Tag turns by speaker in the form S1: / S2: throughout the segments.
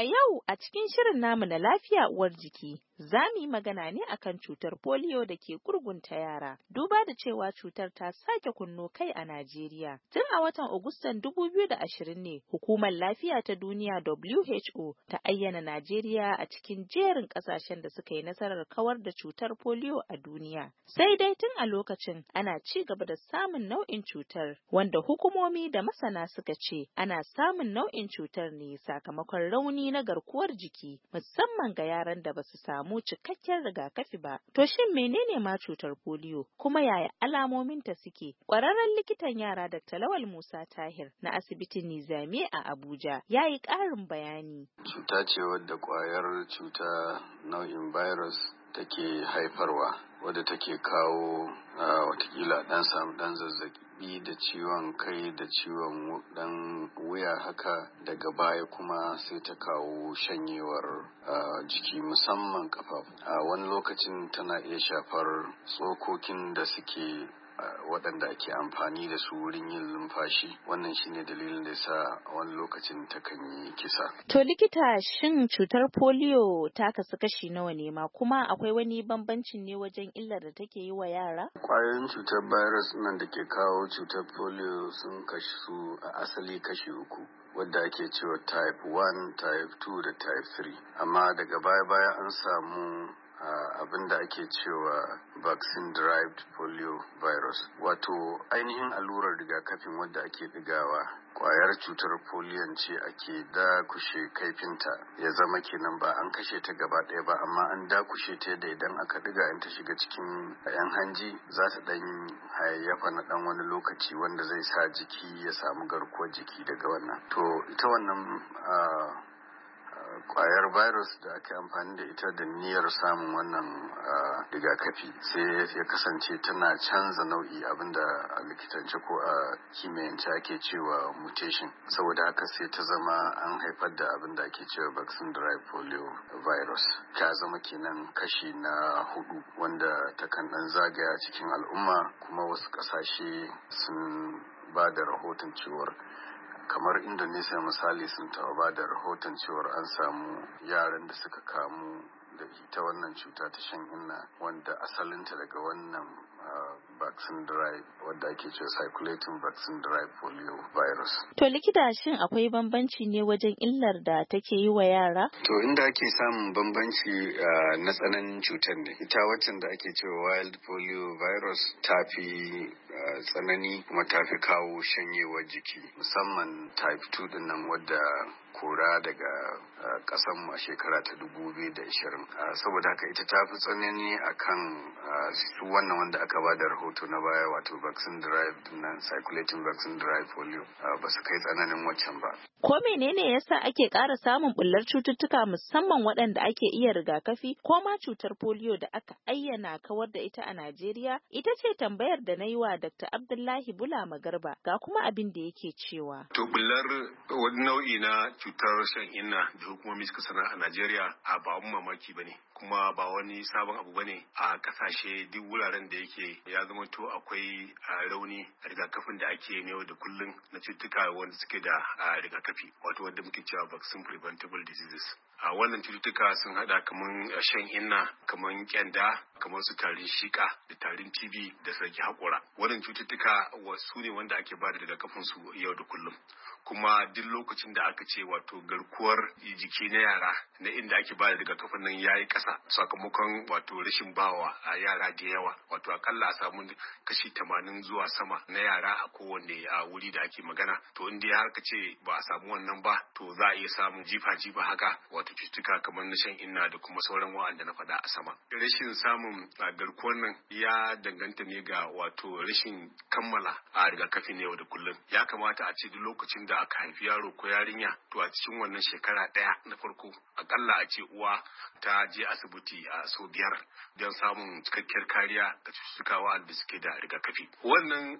S1: A yau a cikin shirin namu na lafiya uwar jiki za mu yi magana ne akan cutar polio da ke gurgunta yara. Duba da cewa cutar ta sake kunno kai a Najeriya. Tun a watan Agustan 2020 ne Hukumar Lafiya ta Duniya WHO ta ayyana Najeriya a cikin jerin kasashen da suka yi nasarar kawar da cutar polio a duniya. Sai dai tun a lokacin ana ci gaba da samun nau'in cutar wanda hukumomi da masana suka ce ana samun nau'in cutar ne sakamakon rauni na garkuwar jiki musamman ga yaran da ba su samu samu cikakken rigakafi ba. To shin menene ma cutar polio kuma yaya alamomin ta suke? Kwararren likitan yara da Talawal Musa Tahir na asibitin Nizami a Abuja ya yi ƙarin bayani.
S2: Cuta ce wadda ƙwayar cuta nau'in virus take haifarwa wadda take kawo ah, watakila ɗan samu ɗan zazzaki. zazzabi da ciwon kai da ciwon dan wuya haka daga baya kuma sai ta kawo shanyewar jiki musamman kafa a wani lokacin tana iya shafar tsokokin da suke waɗanda ake amfani da su wurin yin lumfashi wannan shine dalilin da sa wani lokacin ta kan yi kisa.
S1: To likita shin cutar polio ta kasu kashi nawa ne ma kuma akwai wani bambancin ne wajen illar da take yi wa yara?
S2: Kwayoyin cutar virus nan da ke kawo cutar polio sun kashi su a asali kashi uku. wadda ake cewa type 1, type 2 da type 3 amma daga baya-baya an samu abin da ake cewa vaccine derived polio virus wato ainihin allurar rigakafin wadda ake digawa kwayar cutar polion ce ake dakushe kaifinta ya zama kenan ba an kashe ta gaba ɗaya ba amma an dakushe ta da idan aka diga in ta shiga cikin yan hanji za ta ɗan hayayyafa na ɗan wani lokaci wanda zai sa jiki ya samu garkuwar jiki daga wannan to ita wannan kwayar virus da ake amfani da ita da niyyar samun wannan rigakafi sai ya kasance tana canza nau'i abinda a likitance ko a kimiyyance ake cewa mutation saboda haka sai ta zama an haifar da abinda ake cewa vaccine drive polio virus ta zama kenan kashi na hudu wanda takan dan zagaya cikin al'umma kuma wasu kasashe sun ba da rahoton cewar kamar indonesia misali sun taɓa ba da rahoton cewar an samu yaran da suka kamu da ita wannan cuta ta shan inna wanda asalinta daga wannan ah, vaccine drive wadda ake ce circulating vaccine drive polio virus.
S1: To likita shin akwai bambanci ne wajen illar da take yi wa yara?
S2: To inda ake samun bambanci ah, na tsananin cutar ne. Ita waccan da ake cewa wild polio virus ta fi tsanani kuma ta fi kawo shanyewar jiki musamman type 2 din nan wadda kora daga kasan a shekara ta 2020 saboda haka ita ta fi tsanani akan su wannan wanda aka ba da rahoto na baya wato vaccine drive nan circulating vaccine drive polio ba su kai tsananin waccan ba
S1: ko menene yasa ake ƙara samun bullar cututtuka musamman waɗanda ake iya rigakafi ko ma cutar polio da aka ayyana kawar da ita a Najeriya ita ce tambayar da na yi wa da Dr. Abdullahi Bula Magarba ga kuma abin da yake cewa.
S3: To bular wani nau'i na cutar shan inna da hukumomi suka sanar a Najeriya a ba mamaki bane kuma ba wani sabon abu bane a kasashe duk wuraren da yake ya zama to akwai rauni a rigakafin da ake ne da kullum na cututtuka wanda suke da rigakafi wato wanda muke cewa vaccine preventable diseases. a wannan cututtuka sun hada kamar shan inna kamar kyanda kamar su tarin shika da tarin tb da sarki hakora wannan cututtuka wasu ne wanda ake bada daga kafin su yau da kullum kuma duk lokacin da aka ce wato garkuwar jiki na yara na inda ake bada daga kafin nan ya yi kasa sakamakon wato rashin bawa a yara da yawa wato akalla a samu kashi tamanin zuwa sama na yara a kowanne a wuri da ake magana to in dai har ka ce ba a samu wannan ba to za a iya samun jifa jifa haka wato cututtuka kamar na shan inna da kuma sauran wa'anda na faɗa a sama rashin samun garkuwar nan ya danganta ne ga wato rashin kammala a rigakafi yau da kullum ya kamata a ce duk lokacin da aka haifi yaro ko yarinya to a cikin wannan shekara ɗaya na farko akalla a ce uwa ta je asibiti a sau biyar don samun cikakkiyar kariya ga cututtuka da suke da rigakafi wannan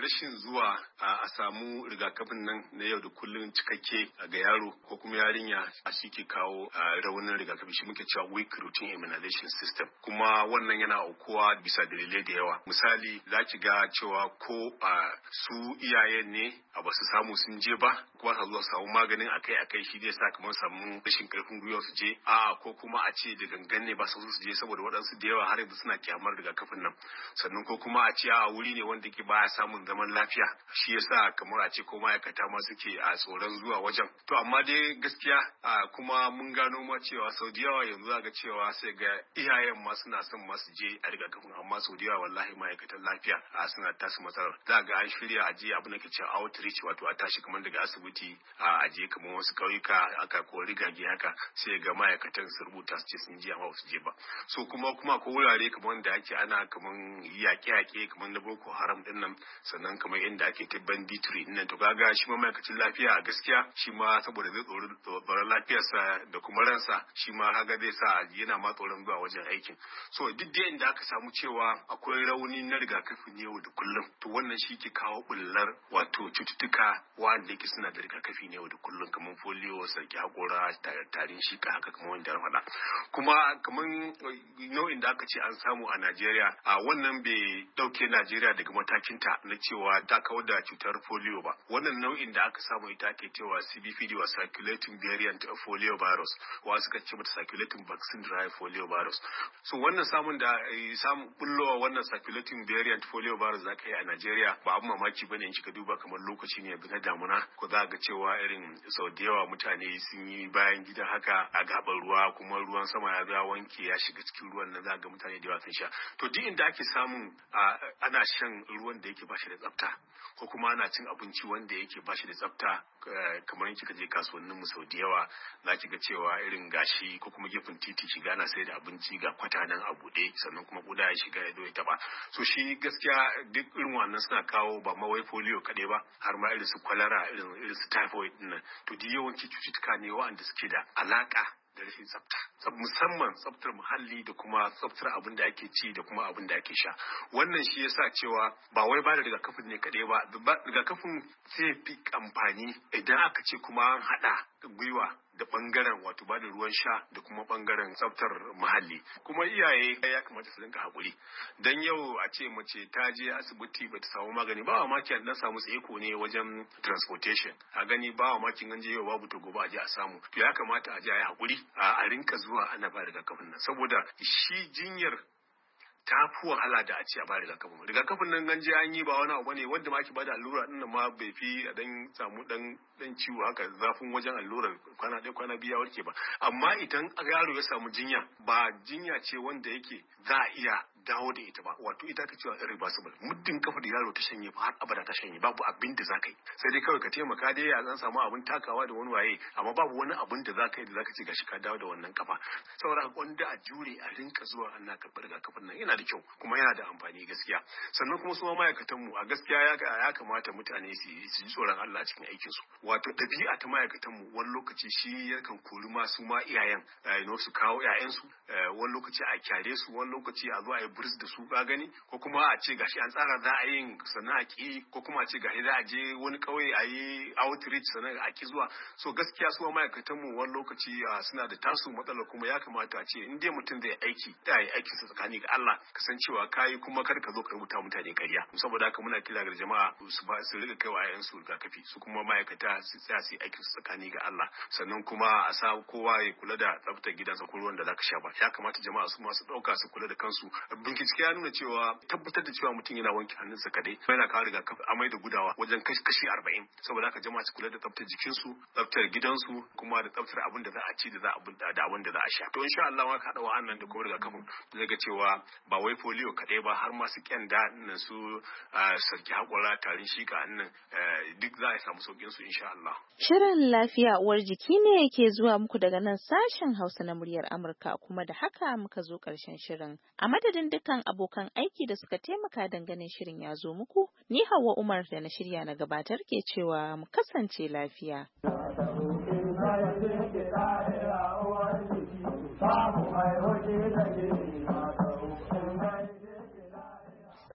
S3: rashin zuwa a samu rigakafin nan na yau da kullum cikakke ga yaro ko kuma yarinya a shi kawo raunin rigakafi shi muke cewa weak routine immunization system kuma wannan yana aukuwa bisa dalilai da yawa misali ki ga cewa ko a su iyayen ne a ba su samu sun je ba kuma sa zuwa samu maganin akai akai shi ne sa kamar samu rashin karfin gwiwa su je a ko kuma a ce da gangan ne ba su su je saboda waɗansu da yawa har yanzu suna kyamar kafin nan sannan ko kuma a ce a wuri ne wanda ke baya samun zaman lafiya shi ya sa kamar a ce ko ma'aikata ma suke a tsoron zuwa wajen to amma dai gaskiya a kuma mun gano ma cewa sau da yawa yanzu za ga cewa sai ga iyayen ma suna son ma su je a kafin amma sau da yawa wallahi ma'aikatan lafiya a suna tasu matsalar za ga an shirya a je abin kicin outreach wato a tashi kamar daga asibiti a aje kamar wasu kauyuka aka ko rigage haka sai ga ma'aikatan su rubuta su ce sun je amma su je ba so kuma kuma ko wurare kamar da ake ana kamar yaƙe-yaƙe kamar na boko haram din sannan kamar inda ake ta banditry din nan to kaga shi ma ma'aikacin lafiya a gaskiya shi ma saboda zai tsoron lafiyarsa da kuma ransa shi ma kaga zai sa yana ma tsoron zuwa wajen aikin so duk da inda aka samu cewa akwai rauni na rigakafi rigakafin yau da kullum to wannan shi ke kawo bullar wato cututtuka wanda yake suna da rigakafi ne yau da kullum kamar polio sarki hakora tarin ka haka kamar wanda faɗa kuma kamar eh, nau'in da aka ce an samu a Najeriya a wannan bai ɗauke Najeriya daga matakinta na cewa ta kawar da cutar polio ba wannan nau'in da aka samu ita ake cewa CBPD wa circulating variant of polio virus wa suka ce mata circulating vaccine drive polio virus so wannan samun da eh, samun bullowa wannan circulating variant portfolio bar za ka yi a Najeriya ba abu mamaki bane in kika duba kamar lokaci ne na damuna ko za ga cewa irin sau da yawa mutane sun yi bayan gida haka a gaban ruwa kuma ruwan sama ya ga wanke ya shiga cikin ruwan nan za ga mutane da yawa sun sha to duk inda ake samun ana shan ruwan da yake bashi da tsafta ko kuma ana cin abinci wanda yake bashi da tsafta kamar in kika je kasuwannin mu sau da yawa za ki ga cewa irin gashi ko kuma gefen titi shiga ana sai da abinci ga kwata nan a buɗe sannan kuma kuda ya shiga ya zo ya taba so shi gaskiya gaskiya duk irin wannan suna kawo ba ma wai polio kaɗai ba har ma irin su kwalara irin su typhoid nan to duk yawanci cututtuka ne wa'anda suke da alaka da rashin tsafta musamman tsaftar muhalli da kuma tsaftar abin da ake ci da kuma abin da ake sha wannan shi yasa cewa ba wai ba da rigakafin ne kaɗai ba rigakafin zai fi amfani idan aka ce kuma an haɗa. gwiwa da bangaren wato ba da ruwan sha da kuma bangaren tsaftar muhalli kuma iyaye ya kamata su dinga haƙuri. Don yau a ce mace ta je asibiti bata samu magani ba wa kin samu tseko ne wajen transportation a gani ba wa kin an je yau babu to gobe a je a samu to ya kamata a je a yi haƙuri a rinka zuwa ana ba kafin nan saboda shi jinyar ta fi wahala da a ce a ba rigakafin rigakafin nan ganje an yi ba wani abu ne wanda ma ake bada allura din nan ma bai fi a dan samu dan dan ciwo haka zafin wajen allurar kwana ɗaya kwana biya warke ba amma idan yaro ya samu jinya ba jinya ce wanda yake za a iya dawo da ita ba wato ita ka cewa irreversible muddin kafa da yaro ta shanye ba har abada ta shanye babu abin da zaka yi sai dai kawai ka taimaka dai ya zan samu abin takawa da wani waye amma babu wani abin da zaka yi da zaka ce gashi ka dawo da wannan kafa saboda haka wanda a jure a rinka zuwa ana karɓar rigakafin nan yana da kyau kuma yana da amfani gaskiya sannan kuma su ma ma'aikatan mu a gaskiya ya kamata mutane su ji tsoron Allah cikin aikin su wato ɗabi'a ta ma'aikatan mu wani lokaci shi yakan kori ma su ma iyayen eh, su kawo 'ya'yansu eh, wani lokaci a kyare su wani lokaci a zo a yi buris da su ka gani ko kuma a ce gashi an tsara za a yin sannan a ki ko kuma a ce gashi za a je wani kauye a yi outreach sannan a ki zuwa so gaskiya su ma'aikatan mu wani lokaci ah, suna da tasu matsala kuma ya kamata a ce in dai mutum zai aiki da ya aiki sa tsakani ga Allah kasancewa kayi kuma kar ka zo ka rubuta mutane karya saboda haka muna kira ga jama'a su ba su riga kaiwa ƴaƴan su rigakafi su kuma ma'aikata su tsaya su yi aiki su tsakani ga Allah sannan kuma a sa kowa ya kula da tsaftar gidansa ko ruwan da zaka sha ba ya kamata jama'a su ma su ɗauka su kula da kansu bincike ya nuna cewa tabbatar da cewa mutum yana wanke hannunsa kadai yana kawo rigakafi amai da gudawa wajen kashi arba'in saboda haka jama'a su kula da tsaftar jikinsu tsaftar gidansu kuma da tsaftar abin da za a ci da za a da abin da za a sha to insha Allah ka dawo annan da kuma rigakafin zai ga cewa ba wai polio kadai ba har ma masu da nan su sarki hakora tarin shika nan duk za a samu saukin su insha Allah
S1: shirin lafiya uwar jiki ne yake zuwa muku daga nan sashen Hausa na muryar Amurka kuma da haka muka zo karshen shirin a madadin dukkan abokan aiki da suka taimaka ganin shirin ya zo muku, ni Hauwa Umar da na shirya na gabatar ke cewa mu kasance lafiya.
S2: Babu mai hoji da